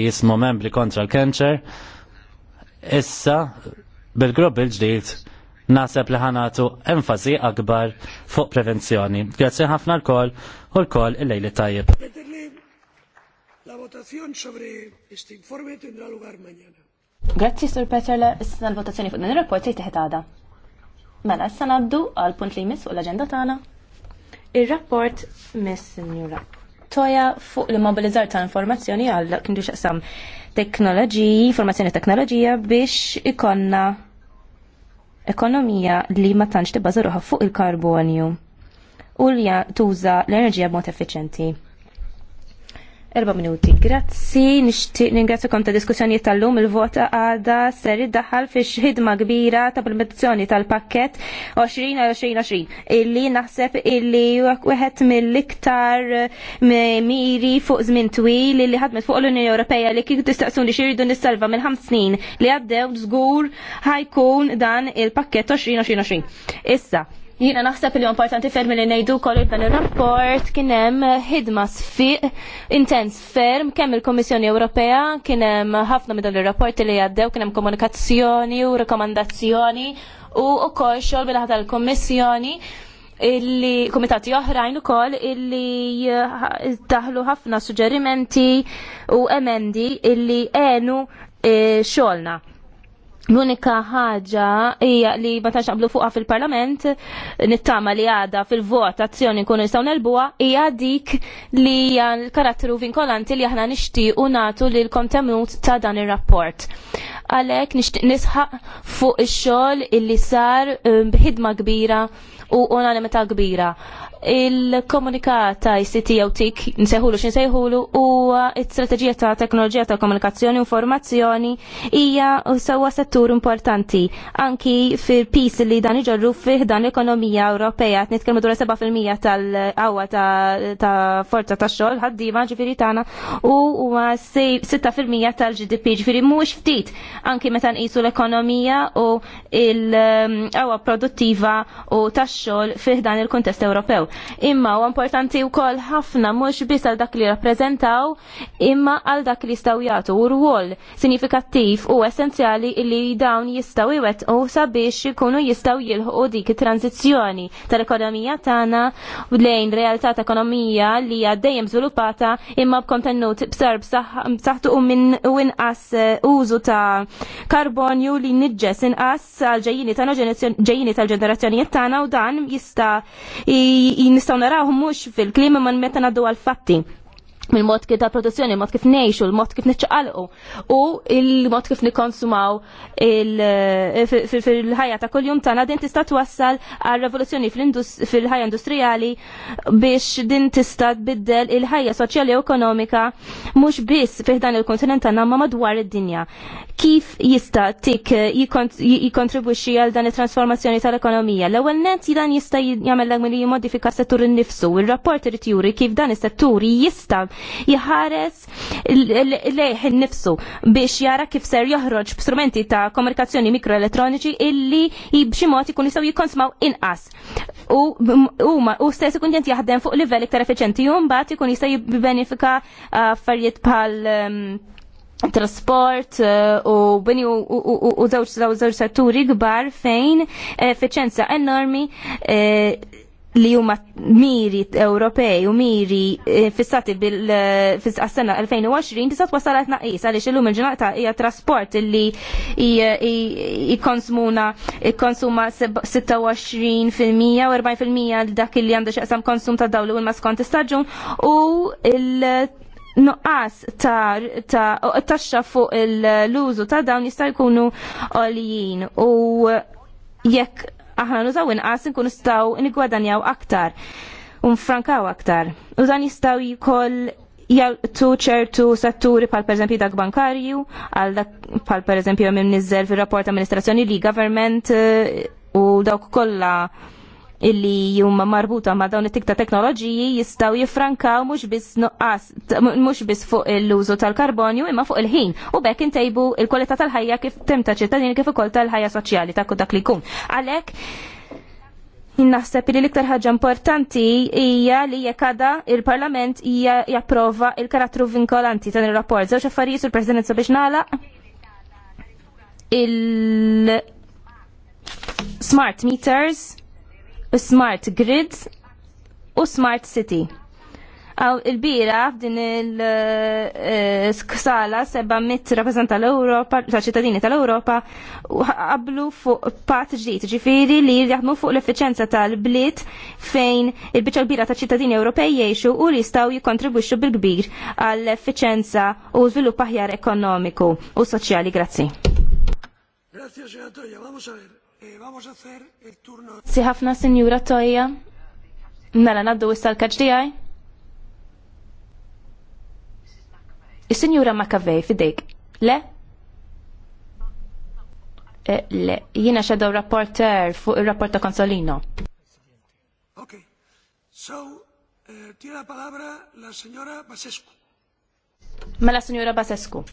jismu membri kontra l-kanċer, issa bil-grupp il-ġdid naseb li ħanatu enfasi akbar fuq prevenzjoni. Grazzi ħafna l-kol u l-kol il-lejli tajjeb. La votazzjoni sobre este informe lugar mañana. Grazzi, Sur Peterle, issa l-votazzjoni fuq din ir-rapport se għada. Mela, issa naddu għal punt li jmiss fuq l-aġenda tagħna. Ir-rapport miss Signora toja fuq l-immobilizzar ta' informazzjoni għal kindu xaqsam teknoloġiji, informazzjoni teknoloġija biex ikonna ekonomija li ma tantx tibbaża fuq il-karbonju u li tuża l-enerġija b'mod effiċjenti. Erba minuti. Grazzi, nixtieq kont ta' diskussjoni tal-lum il vota għada ser iddaħħal fi x'ħidma kbira ta' implementazzjoni tal-pakkett 20-20-20 illi naħseb illi wieħed mill-iktar miri fuq żmien twil illi ħadmet fuq l-Unjoni Ewropea li kieku tistaqsuni xiridu nissalva minn ħam snin li għaddew żgur ħajkun dan il-pakkett 20-20-20. Issa, Jiena naħseb li importanti ferm li ngħidu kollu dan ir-rapport kien hemm ħidma sfiq intens ferm kemm il-Kummissjoni Ewropea kien hemm ħafna minn dan ir-rapporti li jaddew, kien hemm komunikazzjoni u rekomandazzjoni u wkoll xogħol bil tal-Kummissjoni illi komitati oħrajn ukoll illi taħlu ħafna suġġerimenti u emendi illi għenu eh, xogħolna. L-unika ħaġa hija li ma tax qablu fuqha fil-Parlament nittama li għada fil-vot azzjoni nkunu nistgħu nelbuha hija dik li hija l-karattru vinkolanti li aħna nixtiequ nagħtu lil kontenut ta' dan ir-rapport. Għalhekk nixtieq nisħaq fuq ix-xogħol illi sar um, bħidma kbira u unanimità kbira il-komunikata jistiti jew tik xin xi u t-strateġija ta' teknoloġija ta' komunikazzjoni u informazzjoni hija sewa settur importanti anki fil-pis li dan iġorru fih dan l-ekonomija Ewropea qed nitkellmu dwar 7% tal għawa ta' forza ta' xogħol ħaddima, ġifiri tagħna u huwa 6% tal-GDP ġifiri mhuwiex ftit anki meta nqisu l-ekonomija u l għawa um, produttiva u tax-xogħol fih dan il-kuntest Ewropew imma u importanti wkoll ħafna mhux biss għal dak li rappreżentaw imma għal dak li jistgħu jagħtu u rwol sinifikattiv u essenzjali li dawn jistgħu u sabiex ikunu jistgħu jilħqu dik it tal-ekonomija tagħna lejn realtà ta' ekonomija li għaddejjem zvilupata żviluppata imma b'kontenut b'sarb saħtu u minn u inqas e, użu ta' karbonju li niġġes inqas għal ġejjini ġejjini tal-ġenerazzjonijiet tagħna u dan jista' nistaw narawhom mhux fil-klima man meta ngħaddu għal-fatti il-mod kif tal-produzzjoni, il-mod kif nejxu, mod kif neċċaqalqu u il-mod kif nikonsumaw eh, fil-ħajja ta' kuljum tagħna din tista' twassal għal revoluzzjoni fil-ħajja industrijali biex din tista' tbiddel il-ħajja soċjali u ekonomika mhux biss fih dan il-kontinent tagħna ma madwar id-dinja. Kif jista' tik eh, jikontribwixxi għal dan it-transformazzjoni tal-ekonomija? L-ewwel nett dan jista' jagħmel l-għamil jimmodifika settur innifsu. Il-rapport irid juri kif dan is-settur jista' jħares lejħ nifsu biex jara kif ser joħroġ b'strumenti ta' komunikazzjoni mikroelettroniċi illi b'xi mod ikun jistgħu jikkonsmaw inqas. U stess ikun jent jaħdem fuq livell iktar effiċenti u mbagħad ikun jista' jibbenefika affarijiet bħal ehm, trasport eh, u bini u żewġ setturi kbar fejn effiċenza enormi eh, li huma miri Ewropej u miri eh, fissati bil-sena eh, 2020 tista' twasalet naqis għaliex illum il-ġurnata hija trasport li jikonsmuna ikkonsuma 26% u 40% dak li għandu xaqsam konsum ta' dawlu u l-maskont istaġun u l nuqqas ta' taxxa fuq l-użu ta' dawn jista' jkunu għoljin u jekk aħna nużaw inqas nkun staw nigwadanjaw aktar u nfrankaw aktar. U dan jistaw jkoll jgħaltu ċertu setturi pal per dak bankarju, għal dak pal per eżempju minn nizzel fil-rapport amministrazzjoni li government eh, u dawk kollha illi huma marbuta ma' dawn it-tikta teknoloġiji jistgħu jiffrankaw mhux biss nuqqas mhux biss fuq l-użu tal-karbonju imma fuq il-ħin u bekk intejbu il-kwalità tal-ħajja kif tem ta' ċittadini kif ukoll tal-ħajja soċjali ta' dak li jkun. Għalhekk Naħseb li l-iktar ħaġa importanti hija li jekk il-Parlament hija japprova il-karattru vinkolanti tan ir-rapport. Żewġ affarijiet sur presidenza biex nagħlaq il smart meters smart grid u smart city. Għaw il-bira f'din il-sala eh, mit rappresenta l europa ta' ċittadini tal-Europa, qablu fuq pat ġdijt, ġifiri li jgħadmu fuq l-effiċenza tal blit fejn il l-bira ta' ċittadini Ewropej jgħixu u li jistgħu jikkontribwixxu bil-kbir għall-effiċenza u żvilupp aħjar ekonomiku u soċjali. Grazzi. Grazie, ġenatorja. Vamos a ver. Eh, si ħafna sinjura tojja. Mela naddu issa l-kaġ tiegħi. Is-Sinjura Makavej fidejk. Le? Eh, le, jina xedaw rapporter fuq il-rapporta Konsolino. Ok. So, eh, tiene la palabra la senjora Basescu. Mela senjora Basescu.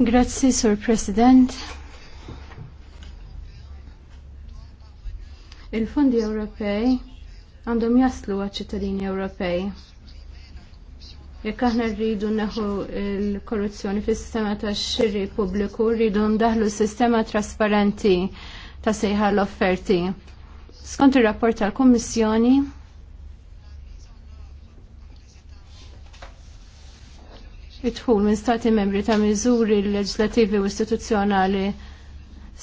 Grazie, Sir President. Il-fondi Ewropej għandhom jaslu għal-ċittadini Ewropej. Jekk aħna rridu neħu l-korruzzjoni fis-sistema tax-xiri pubbliku, rridu ndaħlu sistema trasparenti ta' sejħa l-offerti. Skont ir-rapport tal-Kummissjoni, idħul minn stati membri ta' miżuri leġislativi u istituzzjonali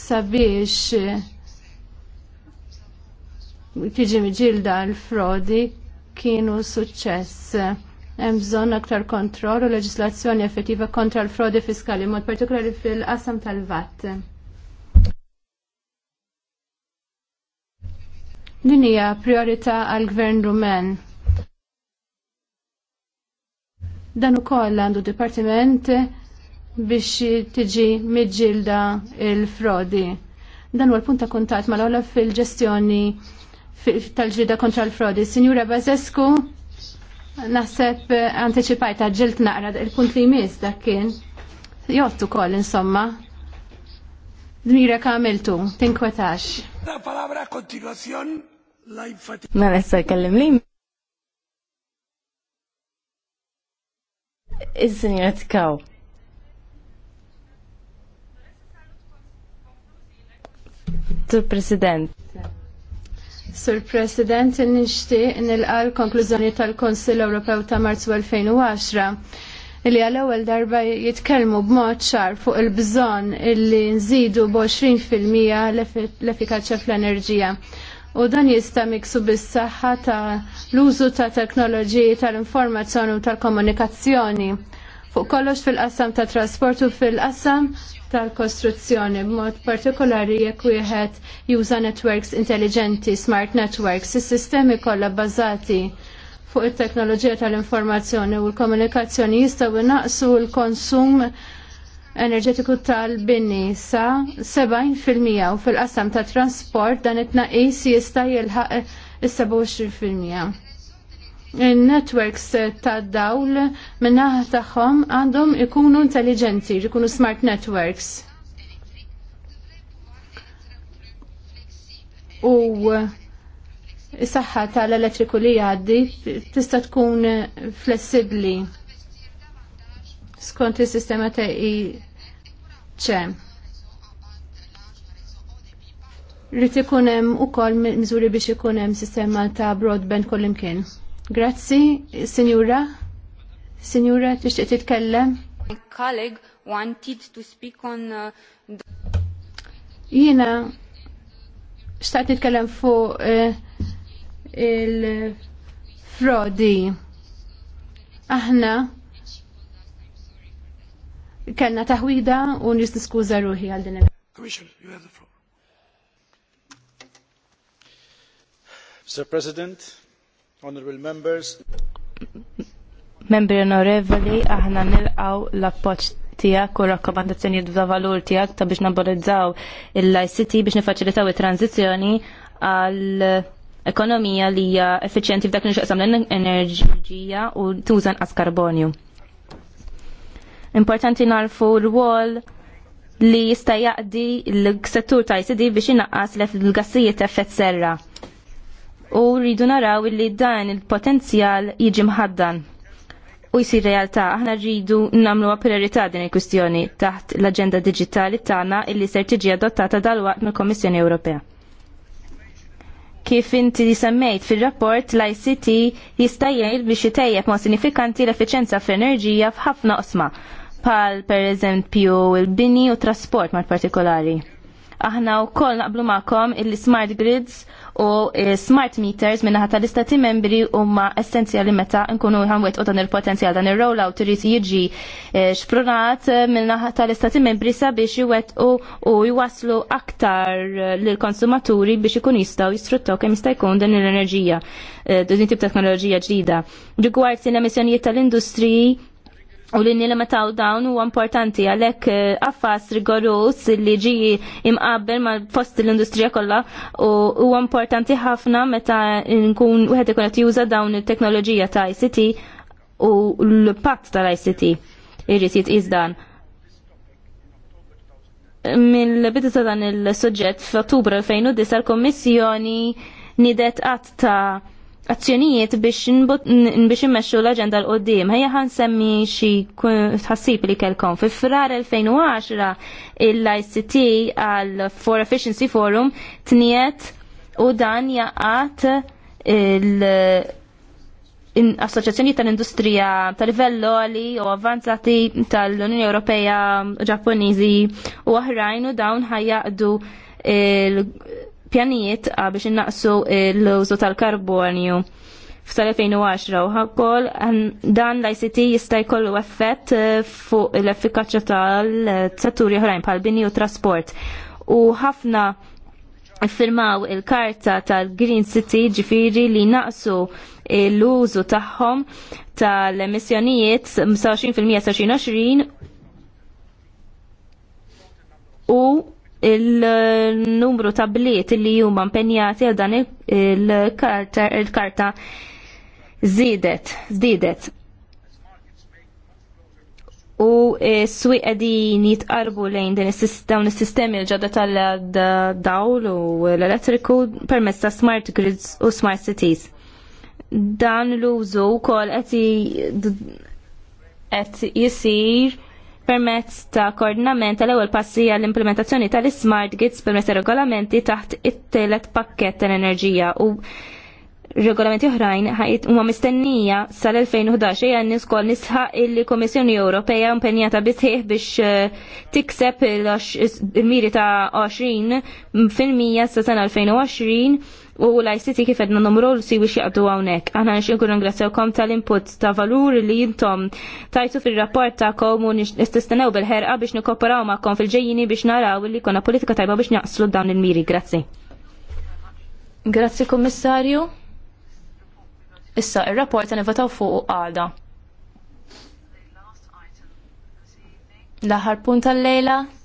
sabiex tiġi miġilda l-frodi kienu suċċess. Hemm bżonn aktar kontroll u leġislazzjoni effettiva kontra l-frodi fiskali, mod partikolari fil-qasam tal-VAT. Din hija priorità għall gvern Rumen. Dan ukoll għandu dipartiment biex tiġi miġilda l frodi Dan huwa l-punt ta' kuntatt mal ogħla fil-ġestjoni tal-ġrida kontra l-frodi. Signora Bazescu, naħseb eh, anticipajta ġilt naqra il-punt li mis dakken. Jottu koll, insomma. Mira kamiltu, tinkwetax. La palabra a continuación la infatiga. nessa kellim li. E, is signora tkaw. Tur President. Sur President, nixtieq nilqa għal konklużjoni tal konsil Ewropew ta' Marzu 2010 li għal ewwel darba jitkellmu b'mod ċar fuq il-bżonn illi nżidu b-20% l efikaċja fl-enerġija. U dan jista' miksu bis-saħħa ta' l-użu ta' teknoloġiji tal-informazzjoni u tal-komunikazzjoni fuq kollox fil-qassam ta' trasportu u fil-qassam tal-kostruzzjoni b'mod partikolari jekk wieħed juża networks intelligenti, smart networks, is-sistemi kollha bbażati fuq it-teknoloġija tal-informazzjoni u l-komunikazzjoni jistgħu naqsu l-konsum enerġetiku tal-binni sa 70% u fil-qasam tat trasport dan it-tnaqqis jista' jilħaq is-27% il-networks ta' dawl minnaħa tagħhom għandhom ikunu intelligenti, ikunu smart networks. U s-saħħa tal-elettriku li għaddi tista' tkun flessibbli skont is-sistema ta' i ċe. Rrid ikun hemm ukoll miżuri biex ikun hemm sistema ta' broadband kollimkien. Grazzi, Signora. Signora, tixtieq titkellem? My colleague wanted to speak on uh, Jiena xtaqt nitkellem fuq uh, il-frodi. Aħna kellna taħwida u nis niskuża ruħi għal din Commissioner, you have the floor. Mr. President, Honorable members. Membri onorevoli, aħna nilqaw l-appoġġ tiegħek u rakkomandazzjonijiet ta' valur tiegħek ta' biex nabolizzaw il-ICT biex nifaċilitaw it-tranzizzjoni għal ekonomija li hija effiċjenti f'dak li l-enerġija u tuża nqas karbonju. Importanti narfu r-wol li jista' jaqdi l-settur ta' ICD biex inaqqas l-gassijiet effett serra u rridu naraw li dan il-potenzjal jiġi mħaddan u jisir realtà aħna rridu namlu priorità din il-kwistjoni taħt l-aġenda digitali tagħna illi ser tiġi adottata dal waqt mill-Kommissjoni Ewropea. Kif inti semmejt fil-rapport l-ICT jista' jgħid biex itejjeb ma' sinifikanti l efficienza fl-enerġija f'ħafna qosma, pal per eżempju il-bini u trasport mal partikolari. Aħna wkoll naqblu magħkom il-smart grids u e, smart meters minnaħat tal-istati membri huma essenzjali meta nkunu ħanwet u dan il-potenzjal dan il-rollout irid jiġi e, xprunat e, minnaħat tal-istati membri sabiex jwet u jwaslu aktar lill-konsumaturi biex ikun jistgħu jistrutto kemm jista' jkun din l-enerġija, din tip teknoloġija ġdida. Rigward sin emissjonijiet tal-industriji U li nilimitaw dawn huwa importanti għalhekk eh, affas rigorus li ġi imqabbel ma' fost l-industrija kollha u huwa importanti ħafna meta nkun wieħed ikun qed juża dawn it-teknoloġija ta' ICT u l pat tal-ICT irrid jitqis Mill-bidu ta' dan il-suġġett f'Ottubru 2009 l-Kommissjoni nidet qatt ta' azzjonijiet biex immexxu l-aġenda l-qoddim. Ħajja ħan semmi xi tħassib li kelkom. Fi frar 2010 il-ICT għal For Efficiency Forum tniet u dan jaqat il- assoċjazzjoni tal-industrija tal-livell oli u avanzati tal-Unjoni Ewropea, Ġapponiżi u oħrajn u dawn ħajjaqdu pjanijiet biex innaqsu l-użu tal-karbonju f'sal-2010 u ħakol dan l-ICT jista' jkollu effett eh, fuq l-effikaċja tal-setturi oħrajn bħal bini u trasport. U ħafna firmaw il-karta tal-Green City ġifiri li naqsu l-użu tagħhom tal-emissjonijiet 25% 2020 u il-numru ta' bliet li huma mpenjati għal dan il-karta zidet, zidet. U s-swi għedin jitqarbu lejn din dawn is-sistemi l-ġodda tal-dawl u l-elettriku permezz ta' smart grids u smart cities. Dan l-użu kol qed jisir permezz ta' koordinament tal-ewwel passija l-implementazzjoni tal-smart grids permezz regolamenti taħt it-telet pakket tal-enerġija u regolamenti oħrajn ħajt huma mistennija sal-2011 hija kol nisħa illi Komissjoni Ewropea impenjata bisħieħ biex eh, tikseb il-miri ta' 20 fil-mija sa' sena 2020 u l-ICT kif edna numru l-si wix jaqdu għawnek. Għana nix nkun ngrazzawkom tal-input ta' valur li jintom tajtu fil-rapport ta' kom u nististenew bil-ħerqa biex nikoperaw ma'kom fil-ġejjini biex naraw li konna politika tajba biex naqslu dawn il-miri. Grazzi. Grazzi, Kommissarju. Issa, il-rapport għan votaw fuq għada. L-ħar punt tal-lejla.